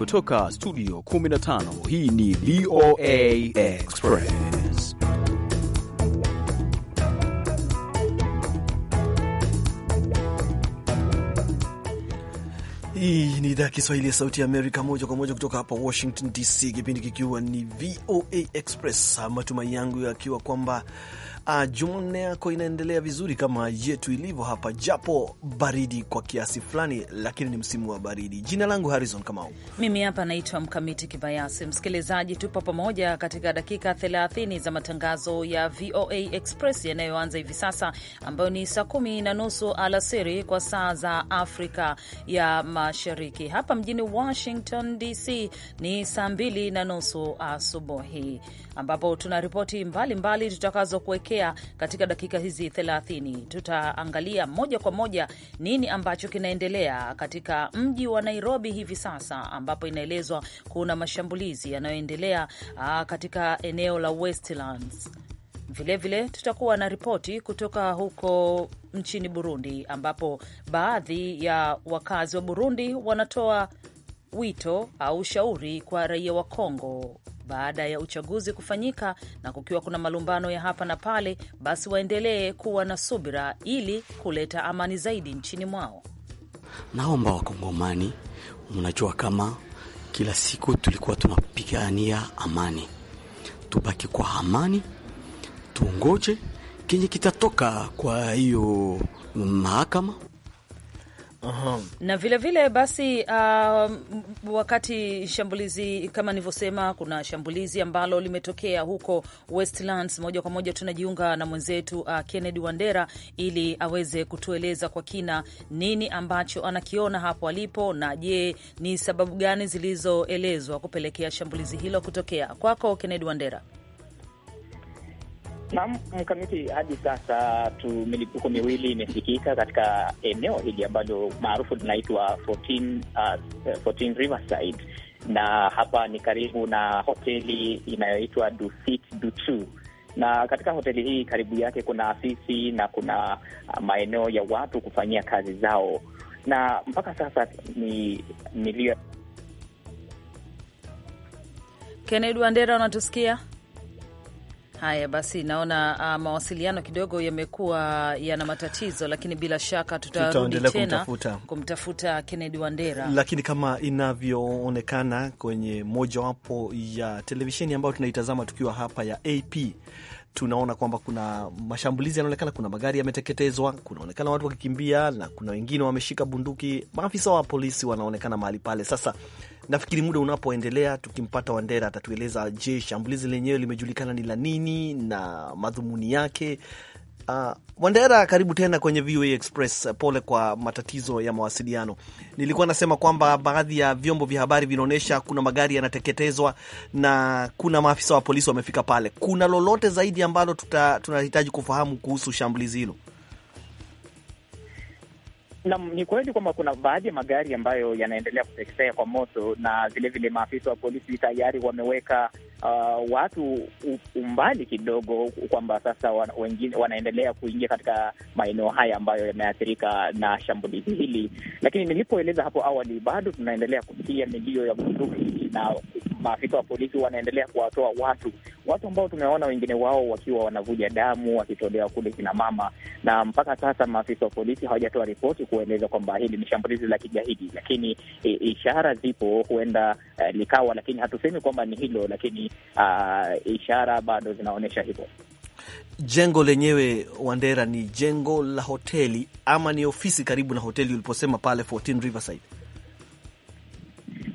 kutoka studio 15 hii ni VOA Express. Hii ni idhaa ya Kiswahili ya Sauti ya Amerika, moja kwa moja kutoka hapa Washington DC, kipindi kikiwa ni VOA Express. Matumaini yangu yakiwa kwamba Uh, ah, Jumanne yako inaendelea vizuri kama yetu ilivyo hapa, japo baridi kwa kiasi fulani, lakini ni msimu wa baridi. Jina langu Harrison Kamau, mimi hapa naitwa Mkamiti Kibayasi. Msikilizaji, tupo pamoja katika dakika 30 za matangazo ya VOA Express yanayoanza hivi sasa, ambayo ni saa kumi na nusu alasiri kwa saa za Afrika ya Mashariki. Hapa mjini Washington DC ni saa mbili na nusu asubuhi ambapo tuna ripoti mbalimbali tutakazokuwekea katika dakika hizi 30. Tutaangalia moja kwa moja nini ambacho kinaendelea katika mji wa Nairobi hivi sasa, ambapo inaelezwa kuna mashambulizi yanayoendelea ah, katika eneo la Westlands. Vilevile tutakuwa na ripoti kutoka huko nchini Burundi, ambapo baadhi ya wakazi wa Burundi wanatoa wito au shauri kwa raia wa Kongo baada ya uchaguzi kufanyika na kukiwa kuna malumbano ya hapa na pale, basi waendelee kuwa na subira ili kuleta amani zaidi nchini mwao. Naomba Wakongomani, mnajua kama kila siku tulikuwa tunapigania amani, tubaki kwa amani, tuongoje kenye kitatoka kwa hiyo mahakama Aha. Uh-huh. Na vilevile vile basi, uh, wakati shambulizi kama nilivyosema, kuna shambulizi ambalo limetokea huko Westlands. Moja kwa moja tunajiunga na mwenzetu uh, Kennedy Wandera ili aweze kutueleza kwa kina nini ambacho anakiona hapo alipo, na je, ni sababu gani zilizoelezwa kupelekea shambulizi hilo kutokea. Kwako Kennedy Wandera. Naam, mkamiti, hadi sasa tu milipuko miwili imesikika katika eneo hili ambalo maarufu linaitwa 14, uh, 14 Riverside na hapa ni karibu na hoteli inayoitwa Dusit Dutu na katika hoteli hii karibu yake kuna afisi na kuna uh, maeneo ya watu kufanyia kazi zao, na mpaka sasa ni milio. Kennedy Wandera, unatusikia? Haya basi, naona uh, mawasiliano kidogo yamekuwa yana matatizo, lakini bila shaka tutarudi tena kumtafuta, kumtafuta Kennedy Wandera. Lakini kama inavyoonekana kwenye mojawapo ya televisheni ambayo tunaitazama tukiwa hapa ya AP tunaona kwamba kuna mashambulizi yanaonekana, kuna magari yameteketezwa, kunaonekana watu wakikimbia na kuna wengine wameshika bunduki. Maafisa wa polisi wanaonekana mahali pale. Sasa Nafikiri muda unapoendelea, tukimpata Wandera atatueleza, je, shambulizi lenyewe limejulikana ni la nini na madhumuni yake. Uh, Wandera, karibu tena kwenye VOA Express. Pole kwa matatizo ya mawasiliano. Nilikuwa nasema kwamba baadhi ya vyombo vya habari vinaonyesha kuna magari yanateketezwa na kuna maafisa wa polisi wamefika pale. Kuna lolote zaidi ambalo tunahitaji kufahamu kuhusu shambulizi hilo? Naam, ni kweli kwamba kuna baadhi ya magari ambayo yanaendelea kuteketea kwa moto, na vilevile maafisa wa polisi tayari wameweka uh, watu umbali kidogo, kwamba sasa wengine wanaendelea kuingia katika maeneo haya ambayo yameathirika na shambulizi hili, lakini nilipoeleza hapo awali, bado tunaendelea kusikia milio ya bunduki na maafisa wa polisi wanaendelea kuwatoa watu watu ambao tumeona wengine wao wakiwa wanavuja damu wakitolewa kule kina mama, na mpaka sasa maafisa wa polisi hawajatoa ripoti kueleza kwamba hili ni shambulizi la kigaidi, lakini e, ishara zipo, huenda e, likawa, lakini hatusemi kwamba ni hilo, lakini a, ah, ishara bado zinaonyesha hivyo. Jengo lenyewe Wandera, ni jengo la hoteli ama ni ofisi karibu na hoteli uliposema pale 14 Riverside?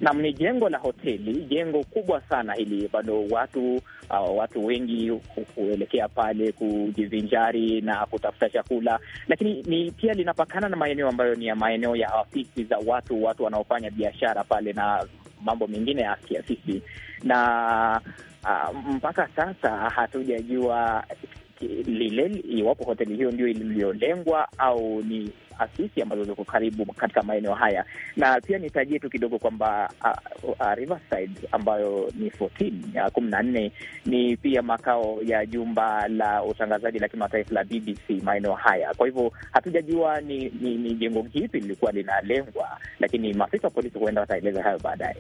Nam, ni jengo la hoteli, jengo kubwa sana hili, bado watu uh, watu wengi huelekea pale kujivinjari na kutafuta chakula, lakini ni pia linapakana na maeneo ambayo ni ya maeneo ya afisi za watu, watu wanaofanya biashara pale na mambo mengine ya kiafisi na uh, mpaka sasa hatujajua lile, iwapo hoteli hiyo ndio iliyolengwa au ni asisi ambazo ziko karibu katika maeneo haya. Na pia nitajie tu kidogo kwamba uh, uh, Riverside ambayo ni 14 kumi na nne ni pia makao ya jumba la utangazaji la kimataifa la BBC maeneo haya. Kwa hivyo hatujajua ni, ni, ni jengo gipi lilikuwa linalengwa, lakini maafisa wa polisi huenda wataeleza hayo baadaye.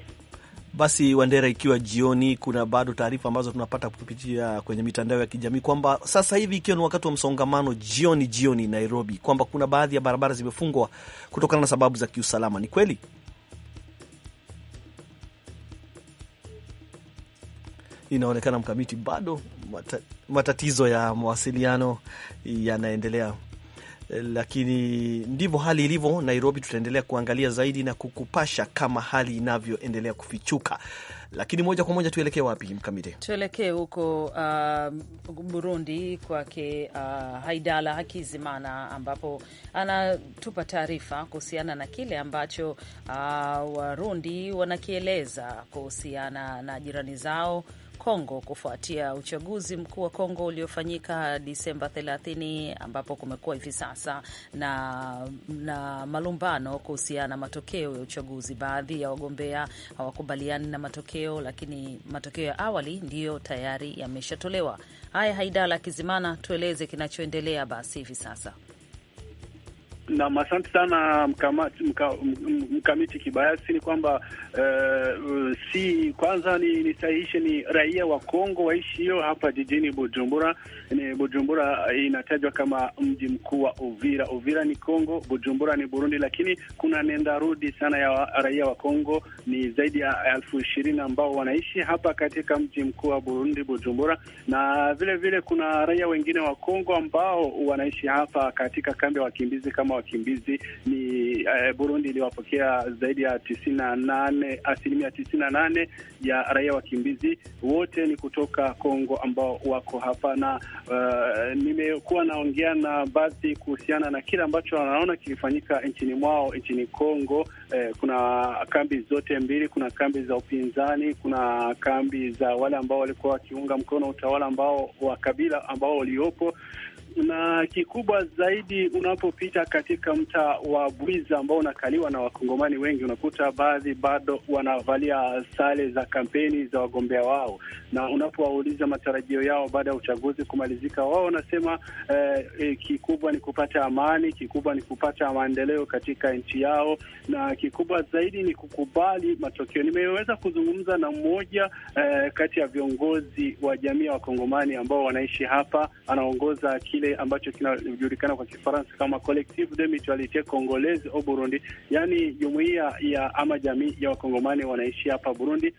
Basi Wandera, ikiwa jioni, kuna bado taarifa ambazo tunapata kupitia kwenye mitandao ya kijamii kwamba sasa hivi ikiwa ni wakati wa msongamano jioni jioni Nairobi, kwamba kuna baadhi ya barabara zimefungwa kutokana na sababu za kiusalama. Ni kweli? Inaonekana mkamiti bado matatizo ya mawasiliano yanaendelea Eh, lakini ndivyo hali ilivyo Nairobi. Tutaendelea kuangalia zaidi na kukupasha kama hali inavyoendelea kufichuka, lakini moja kwa moja tuelekee wapi, Mkamiti? Tuelekee huko uh, Burundi kwake uh, Haidala Hakizimana, ambapo anatupa taarifa kuhusiana na kile ambacho uh, Warundi wanakieleza kuhusiana na jirani zao Kongo kufuatia uchaguzi mkuu wa Kongo uliofanyika Disemba 30, ambapo kumekuwa hivi sasa na, na malumbano kuhusiana na matokeo ya uchaguzi. Baadhi ya wagombea hawakubaliani na matokeo, lakini matokeo ya awali ndiyo tayari yameshatolewa. Haya, Haidala Kizimana, tueleze kinachoendelea basi hivi sasa. Nam, asante sana mkamiti mka, mka, mka kibayasi. Ni kwamba uh, si kwanza ni nisahihishe, ni raia wa Kongo waishio hapa jijini Bujumbura. Ni Bujumbura eh, inatajwa kama mji mkuu wa Uvira. Uvira ni Kongo, Bujumbura ni Burundi, lakini kuna nenda rudi sana ya raia wa Kongo. Ni zaidi ya elfu ishirini ambao wanaishi hapa katika mji mkuu wa Burundi, Bujumbura, na vile vile kuna raia wengine wa Kongo ambao wanaishi hapa katika kambi ya wakimbizi kama wakimbizi ni eh, Burundi iliwapokea zaidi ya tisini na nane asilimia tisini na nane ya raia wakimbizi wote ni kutoka Kongo ambao wako hapa, na uh, nimekuwa naongea na baadhi kuhusiana na kile ambacho wanaona kilifanyika nchini mwao nchini Kongo. Eh, kuna kambi zote mbili, kuna kambi za upinzani, kuna kambi za wale ambao walikuwa wakiunga mkono utawala ambao wa kabila ambao waliopo na kikubwa zaidi, unapopita katika mtaa wa Bwiza ambao unakaliwa na wakongomani wengi, unakuta baadhi bado wanavalia sare za kampeni za wagombea wao, na unapowauliza matarajio yao baada ya uchaguzi kumalizika, wao wanasema eh, eh, kikubwa ni kupata amani, kikubwa ni kupata maendeleo katika nchi yao, na kikubwa zaidi ni kukubali matokeo. Nimeweza kuzungumza na mmoja eh, kati ya viongozi wa jamii ya wakongomani ambao wanaishi hapa, anaongoza kile kile ambacho kinajulikana kwa Kifaransa kama Collectif de Mutualite Congolaise au Burundi, yaani jumuiya ya ama jamii ya wakongomani wanaishi hapa Burundi.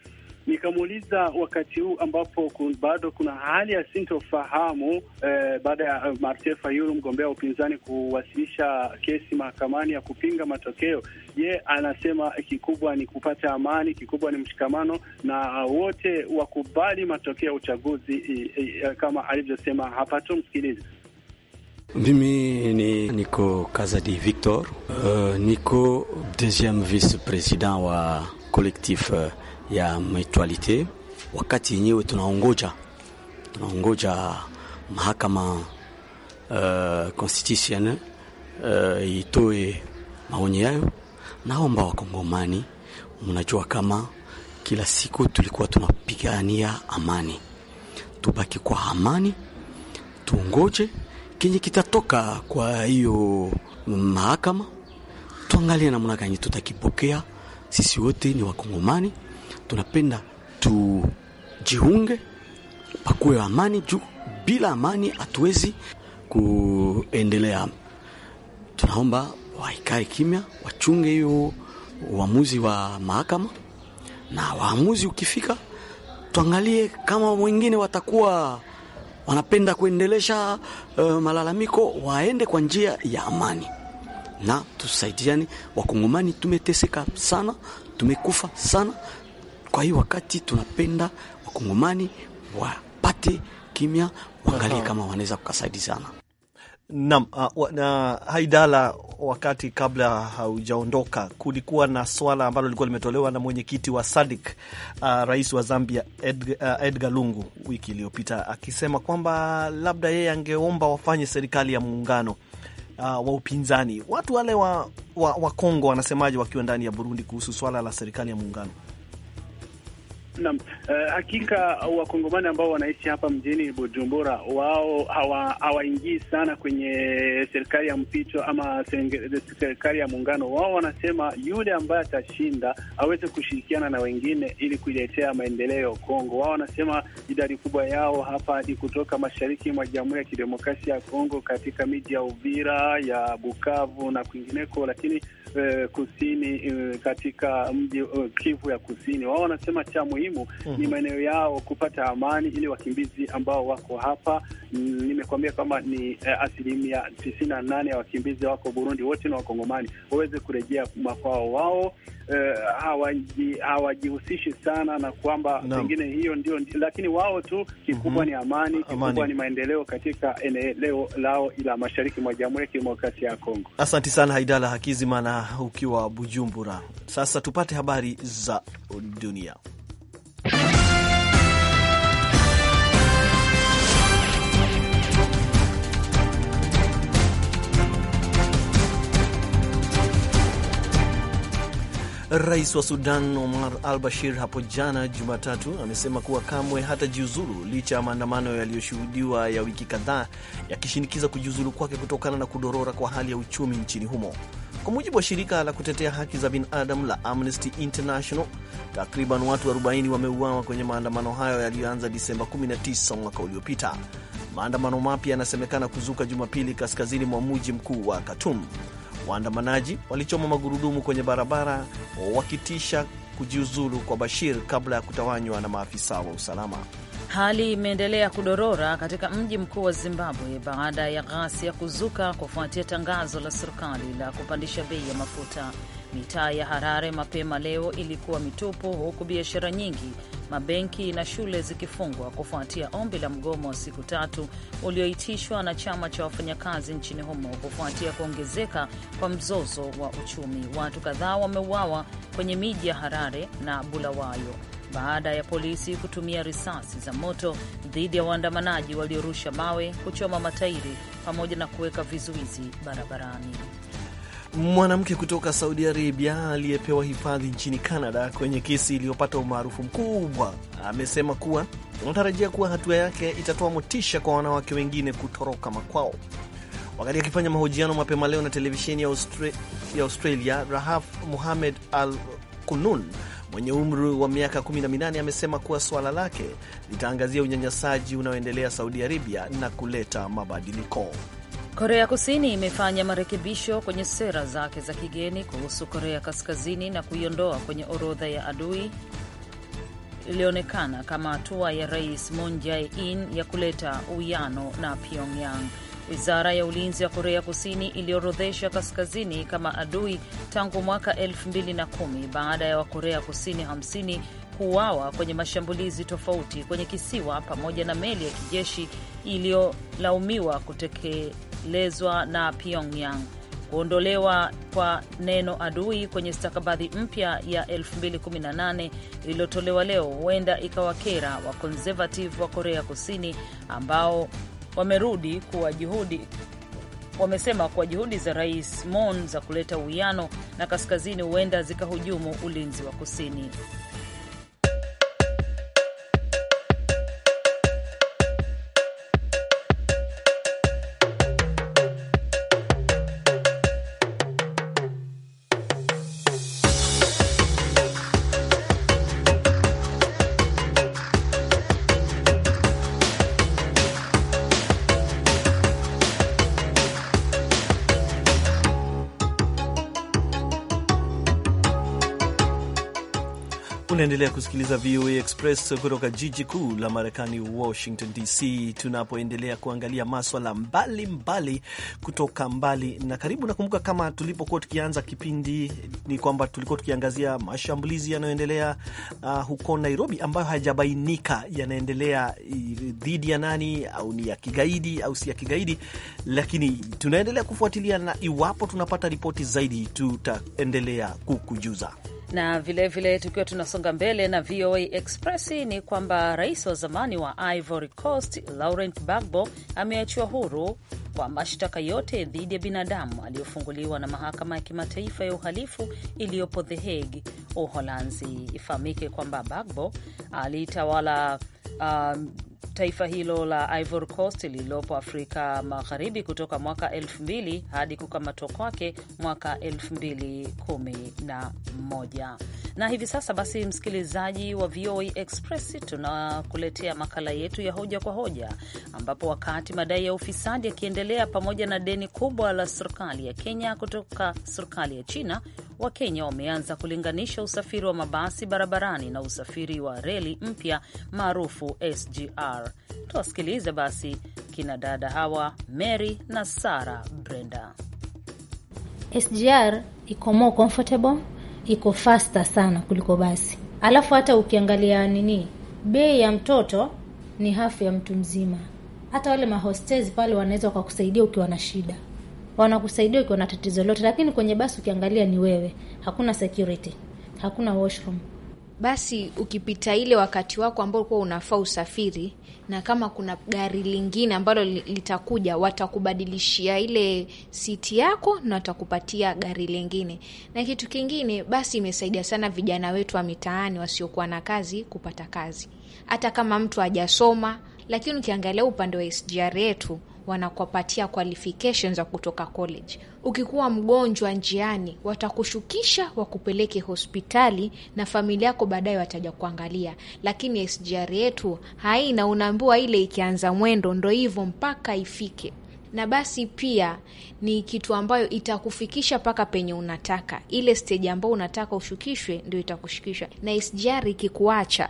Nikamuuliza wakati huu ambapo kun, bado kuna hali ya sintofahamu eh, baada ya uh, Martin Fayulu mgombea wa upinzani kuwasilisha kesi mahakamani ya kupinga matokeo. Je, anasema kikubwa ni kupata amani, kikubwa ni mshikamano na wote wakubali matokeo ya uchaguzi i, eh, i, eh, kama alivyosema hapa, tumsikilize. Mimi ni niko Kazadi Victor, uh, niko deuxième vice president wa collectif euh, ya mutualite. Wakati yenyewe tunaongoja tunaongoja mahakama uh, constitutionnel uh, itoe maoni yayo. Naomba Wakongomani, mnajua kama kila siku tulikuwa tunapigania amani, tubaki kwa amani, tuongoje kenye kitatoka kwa hiyo mahakama, tuangalie namna gani tutakipokea. Sisi wote ni Wakongomani, tunapenda tujiunge, pakuwe amani juu bila amani hatuwezi kuendelea. Tunaomba waikae kimya, wachunge hiyo uamuzi wa mahakama, na waamuzi ukifika, tuangalie kama wengine watakuwa wanapenda kuendelesha uh, malalamiko waende kwa njia ya amani na tusaidiani. Wakongomani tumeteseka sana, tumekufa sana. Kwa hii wakati tunapenda wakongomani wapate kimya, waangalie kama wanaweza kukasaidi sana. Naam, ah, na Haidala, wakati kabla haujaondoka, kulikuwa na swala ambalo lilikuwa limetolewa na mwenyekiti wa SADC uh, rais wa Zambia Ed, uh, ah, Edgar Lungu wiki iliyopita akisema kwamba labda yeye angeomba wafanye serikali ya muungano uh, wa upinzani. Watu wale wa, wa, wa Kongo wanasemaje wakiwa ndani ya Burundi kuhusu swala la serikali ya muungano? Naam, uh, hakika wakongomani ambao wanaishi hapa mjini Bujumbura wao hawaingii hawa sana kwenye serikali ya mpito ama serikali ya muungano. Wao wanasema yule ambaye atashinda aweze kushirikiana na wengine ili kuiletea maendeleo Kongo. Wao wanasema idadi kubwa yao hapa ni kutoka mashariki mwa Jamhuri ya Kidemokrasia ya Kongo, katika miji ya Uvira, ya Bukavu na kwingineko, lakini uh, kusini uh, katika mji uh, Kivu ya kusini, wao wanasema cha muhimu muhimu mm -hmm. ni mhm. maeneo yao kupata amani, ili wakimbizi ambao wako hapa, nimekuambia kwamba ni eh, asilimia tisini na nane ya wakimbizi wako Burundi wote na Wakongomani waweze kurejea makwao wao. Uh, hawajihusishi sana na kwamba pengine hiyo ndio, lakini wao tu kikubwa mm -hmm. ni amani, kikubwa ni maendeleo katika eneo lao la mashariki mwa Jamhuri ya Kidemokrasia ya Kongo. Asante sana Haidala Hakizimana ukiwa Bujumbura. Sasa tupate habari za dunia. Rais wa Sudan Omar al Bashir hapo jana Jumatatu amesema kuwa kamwe hata jiuzulu licha ya maandamano yaliyoshuhudiwa ya wiki kadhaa yakishinikiza kujiuzulu kwake kutokana na kudorora kwa hali ya uchumi nchini humo. Kwa mujibu wa shirika la kutetea haki za binadamu la Amnesty International, takriban watu 40 wameuawa kwenye maandamano hayo yaliyoanza Disemba 19 mwaka uliopita. Maandamano mapya yanasemekana kuzuka Jumapili kaskazini mwa mji mkuu wa Khartoum. Waandamanaji walichoma magurudumu kwenye barabara wakitisha kujiuzulu kwa Bashir kabla ya kutawanywa na maafisa wa usalama. Hali imeendelea kudorora katika mji mkuu wa Zimbabwe baada ya ghasia kuzuka kufuatia tangazo la serikali la kupandisha bei ya mafuta. Mitaa ya Harare mapema leo ilikuwa mitupu, huku biashara nyingi, mabenki na shule zikifungwa kufuatia ombi la mgomo wa siku tatu ulioitishwa na chama cha wafanyakazi nchini humo kufuatia kuongezeka kwa mzozo wa uchumi. Watu kadhaa wameuawa kwenye miji ya Harare na Bulawayo baada ya polisi kutumia risasi za moto dhidi ya waandamanaji waliorusha mawe, kuchoma matairi pamoja na kuweka vizuizi barabarani. Mwanamke kutoka Saudi Arabia aliyepewa hifadhi nchini Canada kwenye kesi iliyopata umaarufu mkubwa amesema kuwa anatarajia kuwa hatua yake itatoa motisha kwa wanawake wengine kutoroka makwao. Wakati akifanya mahojiano mapema leo na televisheni ya Australia, Rahaf muhamed Al Kunun mwenye umri wa miaka 18 amesema kuwa suala lake litaangazia unyanyasaji unaoendelea Saudi Arabia na kuleta mabadiliko. Korea Kusini imefanya marekebisho kwenye sera zake za kigeni kuhusu Korea Kaskazini na kuiondoa kwenye orodha ya adui ilionekana kama hatua ya Rais Moon Jae-in ya kuleta uwiano na Pyongyang. Wizara ya ulinzi ya Korea Kusini iliorodhesha kaskazini kama adui tangu mwaka 2010 baada ya Wakorea Kusini 50 kuuawa kwenye mashambulizi tofauti kwenye kisiwa pamoja na meli ya kijeshi iliyolaumiwa kutekelezwa na Pyongyang. Kuondolewa kwa neno adui kwenye stakabadhi mpya ya 2018 iliyotolewa leo huenda ikawakera wa conservative wa Korea Kusini ambao wamerudi kuwa juhudi wamesema kuwa juhudi za Rais Moon za kuleta uwiano na kaskazini huenda zikahujumu ulinzi wa kusini. Unaendelea kusikiliza VOA Express kutoka jiji kuu la Marekani, Washington DC, tunapoendelea kuangalia maswala mbalimbali kutoka mbali na karibu. Nakumbuka kama tulipokuwa tukianza kipindi ni kwamba tulikuwa tukiangazia mashambulizi yanayoendelea uh, huko Nairobi ambayo hayajabainika yanaendelea dhidi ya nani, au ni ya kigaidi au si ya kigaidi, lakini tunaendelea kufuatilia na iwapo tunapata ripoti zaidi tutaendelea kukujuza na vilevile tukiwa tunasonga mbele na VOA Express ni kwamba rais wa zamani wa Ivory Coast Laurent Gbagbo ameachiwa huru kwa mashtaka yote dhidi ya binadamu aliyofunguliwa na mahakama ya kimataifa ya uhalifu iliyopo The Hague, Uholanzi. Ifahamike kwamba Bagbo alitawala um, taifa hilo la Ivory Coast lililopo Afrika Magharibi kutoka mwaka 2000 hadi kukamatwa kwake mwaka 2011. Na hivi sasa basi, msikilizaji wa VOA Express, tunakuletea makala yetu ya hoja kwa hoja, ambapo wakati madai ya ufisadi yakiendelea pamoja na deni kubwa la serikali ya Kenya kutoka serikali ya China Wakenya wameanza kulinganisha usafiri wa mabasi barabarani na usafiri wa reli mpya maarufu SGR. Tuwasikilize basi kina dada hawa Mary na Sara Brenda. SGR iko more comfortable, iko faster sana kuliko basi, alafu hata ukiangalia nini, bei ya mtoto ni hafu ya mtu mzima. Hata wale mahostezi pale wanaweza wakakusaidia ukiwa na shida wanakusaidia ukiwa na tatizo lote, lakini kwenye basi ukiangalia ni wewe, hakuna security, hakuna washroom. Basi ukipita ile wakati wako ambao ulikuwa unafaa usafiri, na kama kuna gari lingine ambalo litakuja, watakubadilishia ile siti yako na watakupatia gari lingine. Na kitu kingine, basi imesaidia sana vijana wetu wa mitaani wasiokuwa na kazi kupata kazi, hata kama mtu hajasoma. Lakini ukiangalia upande wa SGR yetu wanakupatia qualifications za kutoka college. Ukikuwa mgonjwa njiani, watakushukisha wakupeleke hospitali na familia yako baadaye wataja kuangalia, lakini SGR yetu haina. Unaambiwa ile ikianza mwendo ndo hivyo mpaka ifike na basi pia ni kitu ambayo itakufikisha mpaka penye unataka. Ile steji ambayo unataka ushukishwe, ndio itakushukisha. Na SGR ikikuacha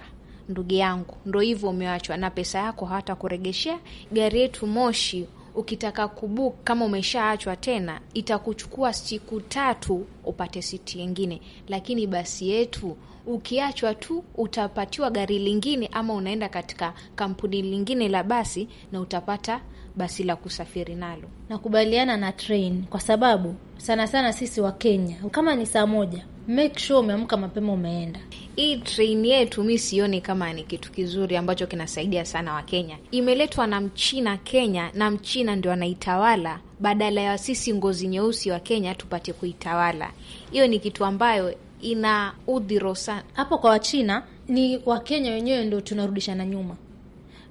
ndugu yangu, ndo hivyo umewachwa na pesa yako hawatakuregeshea. Gari yetu Moshi ukitaka kubuk kama umeshaachwa tena, itakuchukua siku tatu upate siti nyingine, lakini basi yetu ukiachwa tu utapatiwa gari lingine, ama unaenda katika kampuni lingine la basi na utapata basi la kusafiri nalo. Nakubaliana na train kwa sababu sana sana sisi wa Kenya kama ni saa moja make sure umeamka mapema umeenda. Hii train yetu mi sioni kama ni kitu kizuri ambacho kinasaidia sana Wakenya. Imeletwa na mchina Kenya, na mchina ndio anaitawala badala ya sisi ngozi nyeusi wa Kenya tupate kuitawala. Hiyo ni kitu ambayo ina udhiro sana hapo kwa Wachina. Ni Wakenya wenyewe ndio tunarudishana nyuma,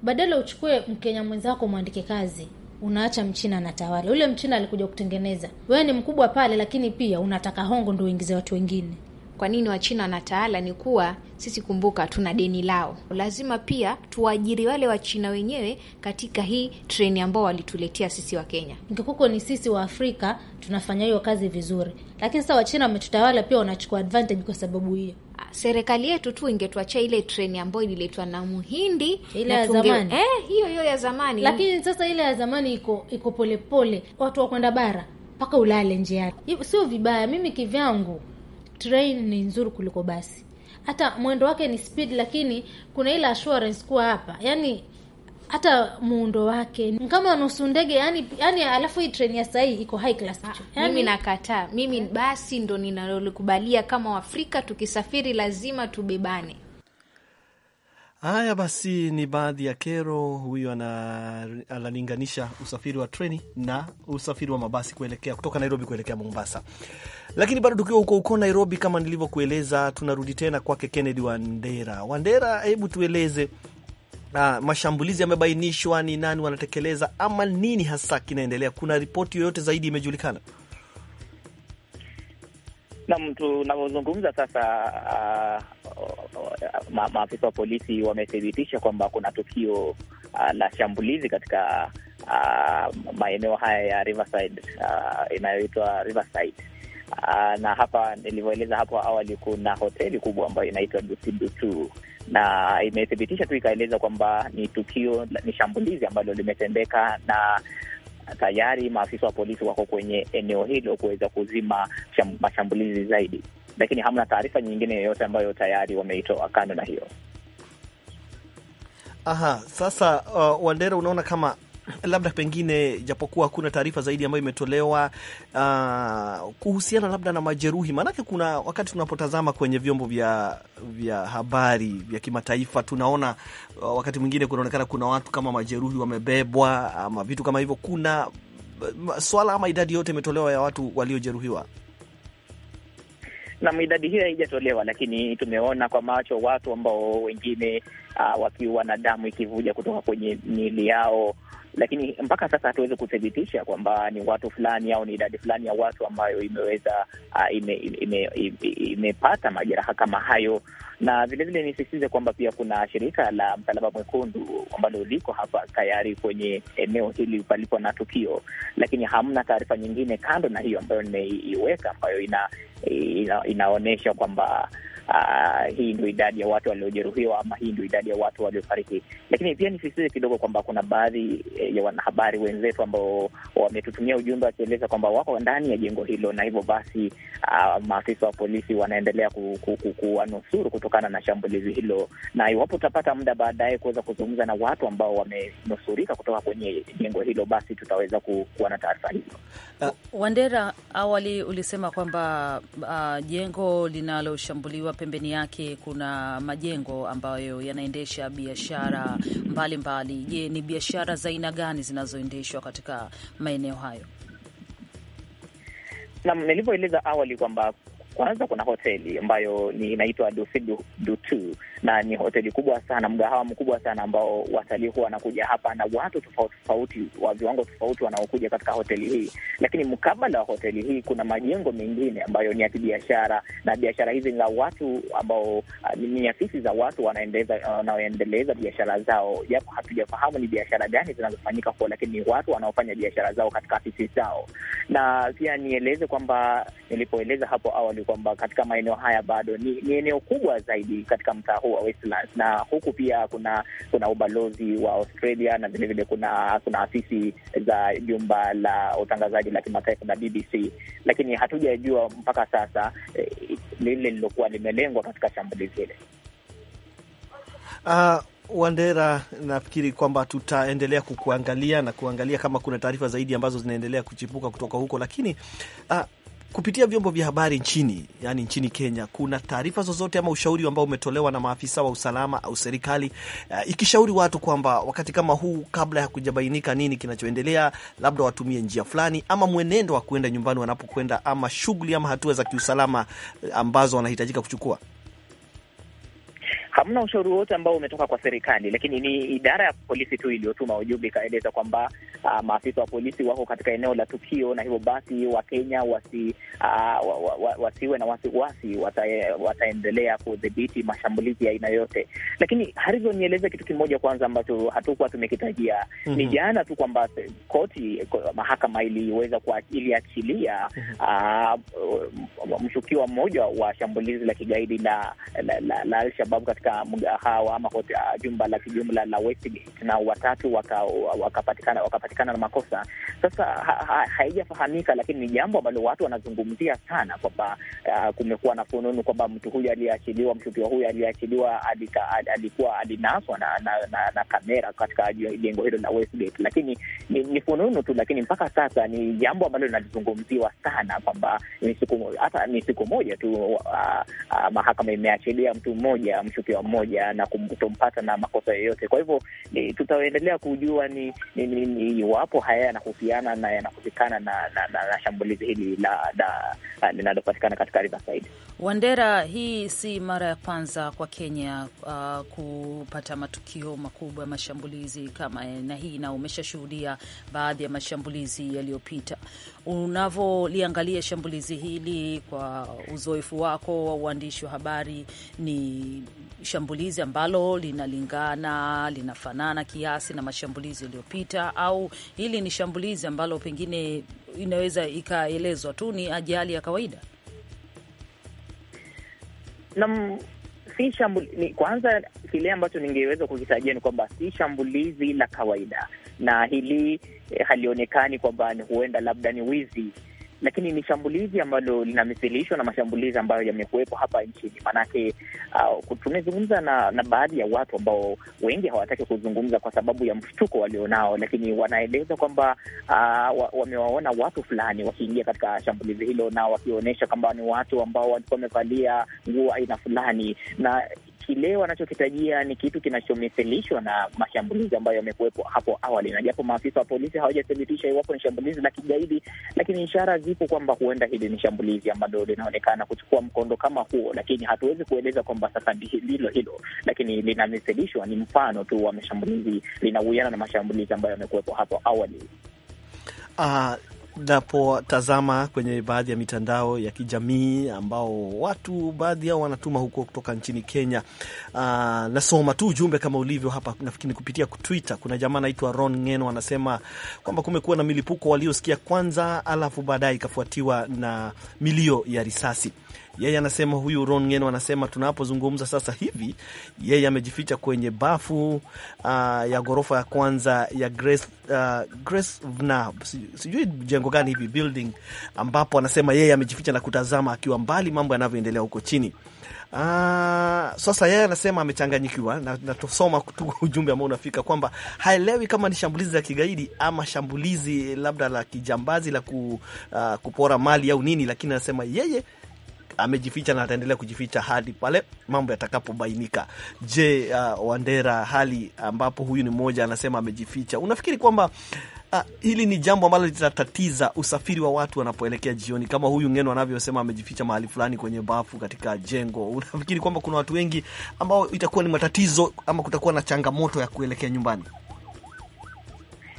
badala uchukue Mkenya mwenzako mwandike kazi unaacha mchina anatawala. Yule mchina alikuja kutengeneza, wewe ni mkubwa pale, lakini pia unataka hongo ndio uingize watu wengine kwa nini Wachina na ni kuwa sisi, kumbuka, tuna deni lao. Lazima pia tuwaajiri wale Wachina wenyewe katika hii treni ambao walituletea sisi wa Kenya. Ingekuko ni sisi wa Afrika tunafanya hiyo kazi vizuri, lakini sasa Wachina wametutawala pia, wanachukua advantage kwa sababu hiyo serikali yetu tu ingetuachia ile treni ambayo ililetwa na Muhindi ile ya zamani eh, hiyo hiyo ya zamani. Lakini sasa ile ya zamani iko iko polepole, watu wakwenda bara mpaka ulale njiani, sio vibaya. Mimi kivyangu train ni nzuri kuliko basi hata mwendo wake ni speed lakini kuna ile assurance kuwa hapa yani hata muundo wake kama nusu ndege yani, yani alafu hii treni ya sahii iko high class ah, yani, mimi nakataa mimi basi ndo ninalolikubalia kama waafrika tukisafiri lazima tubebane haya basi ni baadhi ya kero huyo analinganisha usafiri wa treni na usafiri wa mabasi kuelekea kutoka nairobi kuelekea mombasa lakini bado tukiwa huko huko Nairobi, kama nilivyokueleza, tunarudi tena kwake Kennedy Wandera. Wandera, hebu tueleze na ah, mashambulizi yamebainishwa, ni nani wanatekeleza ama nini hasa kinaendelea? Kuna ripoti yoyote zaidi imejulikana? Nam, tunavyozungumza sasa, uh, maafisa wa polisi wamethibitisha kwamba kuna tukio uh, la shambulizi katika uh, maeneo haya ya Riverside uh, inayoitwa Riverside Aa, ah, na hapa nilivyoeleza hapo awali, kuna hoteli kubwa ambayo inaitwa Dusidutu na imethibitisha tu ikaeleza kwamba ni tukio, ni shambulizi ambalo limetendeka na tayari maafisa wa polisi wako kwenye eneo hilo kuweza kuzima mashambulizi zaidi, lakini hamna taarifa nyingine yoyote ambayo tayari wameitoa kando na hiyo. Aha, sasa uh, Wandera, unaona kama labda pengine, japokuwa hakuna taarifa zaidi ambayo imetolewa uh, kuhusiana labda na majeruhi, maanake kuna wakati tunapotazama kwenye vyombo vya, vya habari vya kimataifa tunaona uh, wakati mwingine kunaonekana kuna watu kama majeruhi wamebebwa ama vitu kama hivyo. Kuna uh, swala ama idadi yote imetolewa ya watu waliojeruhiwa? Nam, idadi hiyo haijatolewa, lakini tumeona kwa macho watu ambao wengine uh, wakiwa na damu ikivuja kutoka kwenye miili yao lakini mpaka sasa hatuwezi kuthibitisha kwamba ni watu fulani au ni idadi fulani ya watu ambayo imeweza uh, ah, imepata ime, ime, ime majeraha kama hayo. Na vilevile nisisitize kwamba pia kuna shirika la Msalaba Mwekundu ambalo liko hapa tayari kwenye eneo hili palipo na tukio, lakini hamna taarifa nyingine kando na hiyo ambayo nimeiweka ambayo ina, ina, inaonyesha kwamba uh, hii ndio idadi ya watu waliojeruhiwa ama hii ndio idadi ya watu waliofariki. Lakini pia nisisitize kidogo kwamba kuna baadhi eh, ya wanahabari wenzetu ambao wametutumia ujumbe wakieleza kwamba wako ndani ya jengo hilo, na hivyo basi uh, maafisa wa polisi wanaendelea kuwanusuru kutokana na shambulizi hilo, na iwapo tutapata muda baadaye kuweza kuzungumza na watu ambao wamenusurika kutoka kwenye jengo hilo, basi tutaweza kuwa na taarifa hizo. Uh, Wandera, awali ulisema kwamba uh, jengo linaloshambuliwa pembeni yake kuna majengo ambayo yanaendesha biashara mbalimbali. Je, ni biashara za aina gani zinazoendeshwa katika maeneo hayo? Nam, nilivyoeleza awali kwamba kwanza kuna hoteli ambayo ni inaitwa Dusidu Dutu, na ni hoteli kubwa sana, mgahawa mkubwa sana ambao watalii huwa wanakuja hapa, na watu tofauti tofauti wa viwango tofauti wanaokuja katika hoteli hii. Lakini mkabala wa hoteli hii kuna majengo mengine ambayo ni ya kibiashara, na biashara hizi ni za watu ambao ah, ni afisi za watu wanaoendeleza biashara zao, japo hatujafahamu ni biashara gani zinazofanyika huko, lakini ni watu wanaofanya biashara zao katika afisi zao. Na pia nieleze kwamba nilipoeleza hapo awali kwamba katika maeneo haya bado ni, ni eneo kubwa zaidi katika mtaa huu wa Westlands, na huku pia kuna kuna ubalozi wa Australia na vilevile kuna kuna afisi za jumba la utangazaji la kimataifa la BBC, lakini hatujajua mpaka sasa eh, lile lilokuwa limelengwa katika shambulizi hile. Uh, ah, Wandera, nafikiri kwamba tutaendelea kukuangalia na kuangalia kama kuna taarifa zaidi ambazo zinaendelea kuchipuka kutoka huko, lakini uh, kupitia vyombo vya habari nchini, yani nchini Kenya, kuna taarifa zozote ama ushauri ambao umetolewa na maafisa wa usalama au serikali uh, ikishauri watu kwamba wakati kama huu, kabla ya kujabainika nini kinachoendelea, labda watumie njia fulani ama mwenendo wa kuenda nyumbani wanapokwenda, ama shughuli ama hatua za kiusalama eh, ambazo wanahitajika kuchukua? hamna ushauri wowote ambao umetoka kwa serikali, lakini ni idara ya polisi tu iliyotuma ujumbe ikaeleza kwamba uh, maafisa wa polisi wako katika eneo la tukio, na hivyo basi Wakenya wasi, uh, wa, wa, wa, wasiwe na wasiwasi, wataendelea wata kudhibiti mashambulizi ya aina yote. Lakini Harizo, nieleze kitu kimoja kwanza ambacho hatukuwa tumekitajia mm -hmm. Ni mhm. jana tu kwamba koti mahakama iliweza iliachilia uh, mhm. ah, mshukiwa mmoja wa shambulizi la kigaidi la, la, la, la Alshababu katika katika mgahawa ama uh, jumba la kijumla la Westgate na watatu wakapatikana waka wakapatikana na makosa. Sasa haijafahamika ha, ha, lakini ni jambo ambalo watu wanazungumzia sana kwamba uh, kumekuwa na fununu kwamba mtu huyu aliyeachiliwa, mshukiwa huyu aliyeachiliwa alikuwa alinaswa na, na, na, na kamera katika jengo hilo la Westgate, lakini ni, ni fununu tu, lakini mpaka sasa ni jambo ambalo linazungumziwa sana kwamba ni siku hata ni siku moja tu uh, uh, mahakama imeachilia mtu mmoja mshukiwa mgonjwa mmoja na kutompata na makosa yoyote. Kwa hivyo tutaendelea kujua ni iwapo haya yanahusiana na yanahusikana na, na, na, na shambulizi hili linalopatikana katika Riverside. Wandera, hii si mara ya kwanza kwa Kenya uh, kupata matukio makubwa ya mashambulizi kama na hii, na umeshashuhudia baadhi ya mashambulizi yaliyopita unavyoliangalia shambulizi hili kwa uzoefu wako wa uandishi wa habari, ni shambulizi ambalo linalingana, linafanana kiasi na mashambulizi yaliyopita, au hili ni shambulizi ambalo pengine inaweza ikaelezwa tu ni ajali ya kawaida? si shambuli, kwanza kile ambacho ningeweza kukitajia ni kwamba si shambulizi la kawaida, na hili eh, halionekani kwamba huenda labda ni wizi lakini ni shambulizi ambalo linamithilishwa na mashambulizi ambayo yamekuwepo hapa nchini. Maanake uh, tumezungumza na, na baadhi ya watu ambao wengi hawataki kuzungumza kwa sababu ya mshtuko walionao, lakini wanaeleza kwamba uh, wamewaona watu fulani wakiingia katika shambulizi hilo na wakionyesha kwamba ni watu ambao walikuwa wamevalia nguo aina fulani na kile wanachokitajia ni kitu kinachomithilishwa na mashambulizi ambayo yamekuwepo hapo awali, na japo maafisa wa polisi hawajathibitisha iwapo ni shambulizi la kigaidi, lakini ishara zipo kwamba huenda hili ni shambulizi ambalo linaonekana kuchukua mkondo kama huo, lakini hatuwezi kueleza kwamba sasa ndilo hilo, lakini linamithilishwa, ni mfano tu wa mashambulizi, linauiana na mashambulizi ambayo yamekuwepo hapo awali. Uh, napotazama kwenye baadhi ya mitandao ya kijamii ambao watu baadhi yao wanatuma huko kutoka nchini Kenya. Uh, nasoma tu ujumbe kama ulivyo hapa, nafikiri kupitia Twitter. Kuna jamaa anaitwa Ron Ngeno anasema kwamba kumekuwa na milipuko waliosikia kwanza, alafu baadaye ikafuatiwa na milio ya risasi. Yeye anasema huyu Ron Ngeno anasema tunapozungumza sasa hivi yeye amejificha kwenye bafu uh, ya ghorofa ya kwanza ya Grace, uh, Grace Vnab, sijui jengo gani hivi building, ambapo anasema yeye amejificha na kutazama akiwa mbali mambo yanavyoendelea huko chini. Ah, sasa yeye anasema amechanganyikiwa natosoma na natusoma tu ujumbe ambao unafika kwamba haelewi kama ni shambulizi la kigaidi ama shambulizi labda la kijambazi la ku, uh, kupora mali au nini, lakini anasema yeye amejificha na ataendelea kujificha hadi pale mambo yatakapobainika. Je, uh, Wandera, hali ambapo huyu ni mmoja anasema amejificha, unafikiri kwamba uh, hili ni jambo ambalo litatatiza usafiri wa watu wanapoelekea jioni, kama huyu Ngeno anavyosema amejificha mahali fulani kwenye bafu katika jengo? Unafikiri kwamba kuna watu wengi ambao itakuwa ni matatizo ama kutakuwa na changamoto ya kuelekea nyumbani?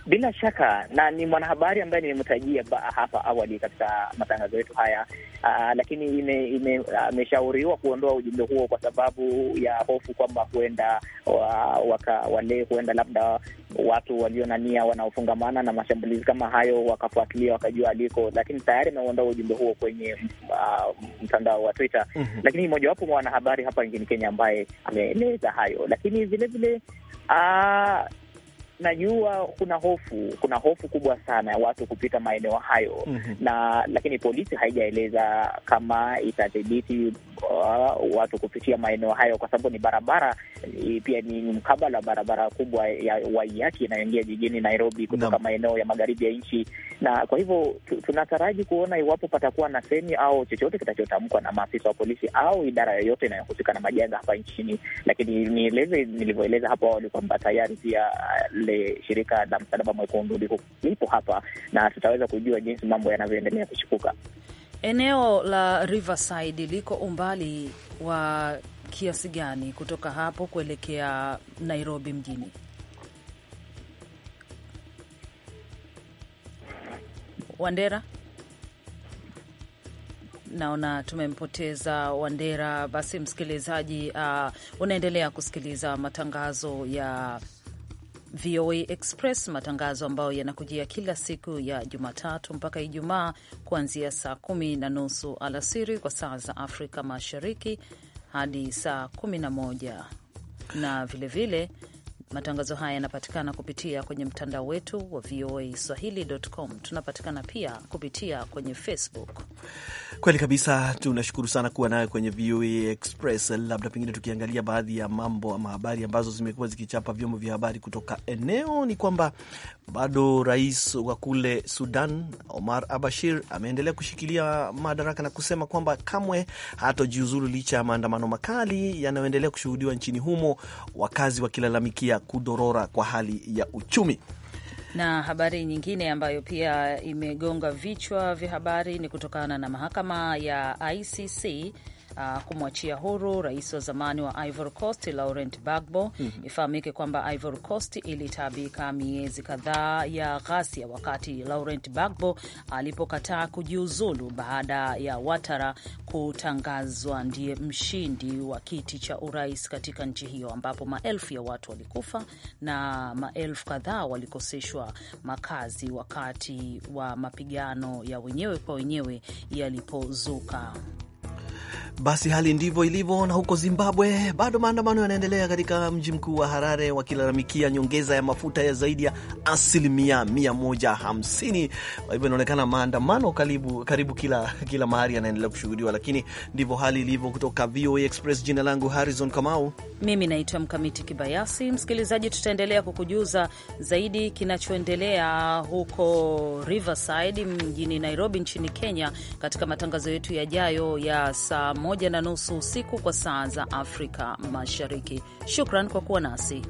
Bila shaka na ni mwanahabari ambaye nimemtajia hapa awali katika matangazo yetu haya aa, lakini ameshauriwa ime, kuondoa ujumbe huo kwa sababu ya hofu kwamba huenda wale huenda labda watu walio na nia wanaofungamana na mashambulizi kama hayo wakafuatilia wakajua aliko, lakini tayari ameondoa ujumbe huo kwenye mtandao wa Twitter. mm -hmm. Lakini mojawapo mwa wanahabari hapa nchini Kenya ambaye ameeleza hayo, lakini vilevile najua kuna hofu, kuna hofu kubwa sana ya watu kupita maeneo hayo mm -hmm. na lakini polisi haijaeleza kama itadhibiti uh, watu kupitia maeneo hayo, kwa sababu ni barabara pia ni mkabala wa barabara kubwa ya Waiyaki inayoingia jijini Nairobi kutoka maeneo ya magharibi ya nchi, na kwa hivyo tunataraji kuona iwapo patakuwa na semi au chochote kitachotamkwa na maafisa wa polisi au idara yoyote inayohusika na majanga hapa nchini, lakini nieleze, nilivyoeleza hapo awali kwamba tayari pia uh, vile shirika la Msalaba Mwekundu lipo hapa na tutaweza kujua jinsi mambo yanavyoendelea kuchipuka. Eneo la Riverside liko umbali wa kiasi gani kutoka hapo kuelekea Nairobi mjini? Wandera, naona tumempoteza Wandera. Basi msikilizaji, uh, unaendelea kusikiliza matangazo ya VOA Express, matangazo ambayo yanakujia kila siku ya Jumatatu mpaka Ijumaa kuanzia saa kumi na nusu alasiri kwa saa za Afrika Mashariki hadi saa kumi na moja na vilevile vile, matangazo haya yanapatikana kupitia kwenye mtandao wetu wa voa swahili.com. Tunapatikana pia kupitia kwenye Facebook. Kweli kabisa, tunashukuru sana kuwa nayo kwenye VOA Express. Labda pengine tukiangalia baadhi ya mambo ama habari ambazo zimekuwa zikichapa vyombo vya habari kutoka eneo, ni kwamba bado rais wa kule Sudan Omar Abashir ameendelea kushikilia madaraka na kusema kwamba kamwe hatojiuzulu licha ya maandamano makali yanayoendelea kushuhudiwa nchini humo, wakazi wakilalamikia kudorora kwa hali ya uchumi. Na habari nyingine ambayo pia imegonga vichwa vya habari ni kutokana na mahakama ya ICC uh, kumwachia huru rais wa zamani wa Ivory Coast Laurent Gbagbo. mm -hmm. Ifahamike kwamba Ivory Coast miezi kadhaa ya ghasia wakati Laurent Gbagbo alipokataa kujiuzulu baada ya Watara kutangazwa ndiye mshindi wa kiti cha urais katika nchi hiyo, ambapo maelfu ya watu walikufa na maelfu kadhaa walikoseshwa makazi wakati wa mapigano ya wenyewe kwa wenyewe yalipozuka. Basi hali ndivyo ilivyo. Na huko Zimbabwe bado maandamano yanaendelea katika mji mkuu wa Harare, wakilalamikia nyongeza ya mafuta ya zaidi ya asilimia 150. Kwa hivyo inaonekana maandamano karibu, karibu kila, kila mahali yanaendelea kushuhudiwa, lakini ndivyo hali ilivyo. Kutoka VOA Express, jina langu Harrison Kamau, mimi naitwa Mkamiti Kibayasi. Msikilizaji, tutaendelea kukujuza zaidi kinachoendelea huko Riverside mjini Nairobi nchini Kenya katika matangazo yetu yajayo ya saa moja na nusu usiku kwa saa za Afrika Mashariki. Shukran kwa kuwa nasi.